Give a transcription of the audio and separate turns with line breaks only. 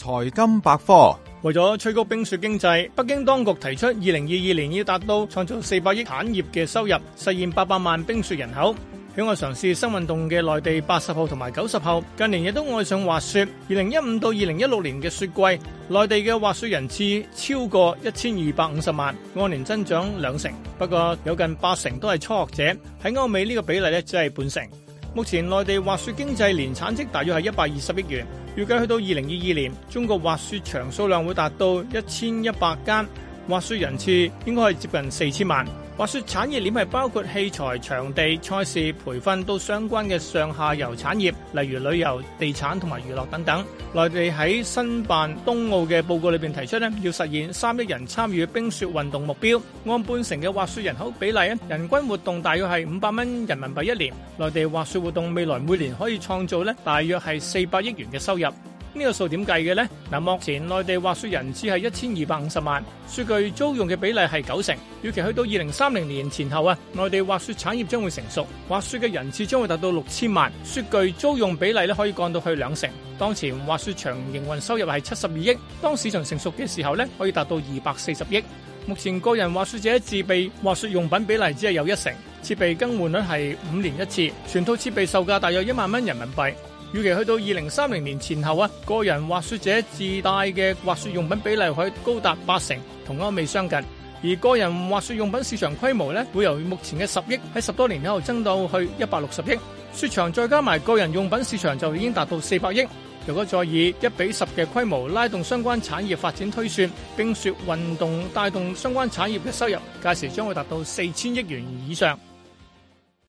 財金百科，為咗催谷冰雪經濟，北京當局提出二零二二年要達到創造四百億產業嘅收入，實現八百萬冰雪人口。喜愛嘗試新運動嘅內地八十後同埋九十後近年亦都愛上滑雪。二零一五到二零一六年嘅雪季，內地嘅滑雪人次超過一千二百五十萬，按年增長兩成。不過有近八成都係初學者，喺歐美呢個比例呢只係半成。目前內地滑雪經濟年產值大約係一百二十億元，預計去到二零二二年，中國滑雪場數量會達到一千一百間。滑雪人次應該係接近四千萬。滑雪產業鏈係包括器材、場地、賽事、培訓都相關嘅上下游產業，例如旅遊、地產同埋娛樂等等。內地喺申辦冬奧嘅報告裏邊提出呢要實現三億人參與冰雪運動目標。按半成嘅滑雪人口比例，人均活動大約係五百蚊人民幣一年。內地滑雪活動未來每年可以創造呢大約係四百億元嘅收入。個數呢個數點計嘅呢？嗱，目前內地滑雪人次係一千二百五十萬，雪具租用嘅比例係九成。預期去到二零三零年前後啊，內地滑雪產業將會成熟，滑雪嘅人次將會達到六千萬，雪具租用比例咧可以降到去兩成。當前滑雪場營運收入係七十二億，當市場成熟嘅時候咧，可以達到二百四十億。目前個人滑雪者自備滑雪用品比例只係有一成，設備更換率係五年一次，全套設備售價大約一萬蚊人民幣。預期去到二零三零年前後啊，個人滑雪者自帶嘅滑雪用品比例可以高達八成，同歐美相近。而個人滑雪用品市場規模咧，會由目前嘅十億喺十多年以後增到去一百六十億。雪場再加埋個人用品市場就已經達到四百億。如果再以一比十嘅規模拉動相關產業發展推算，冰雪運動帶動相關產業嘅收入，屆時將會達到四千億元以上。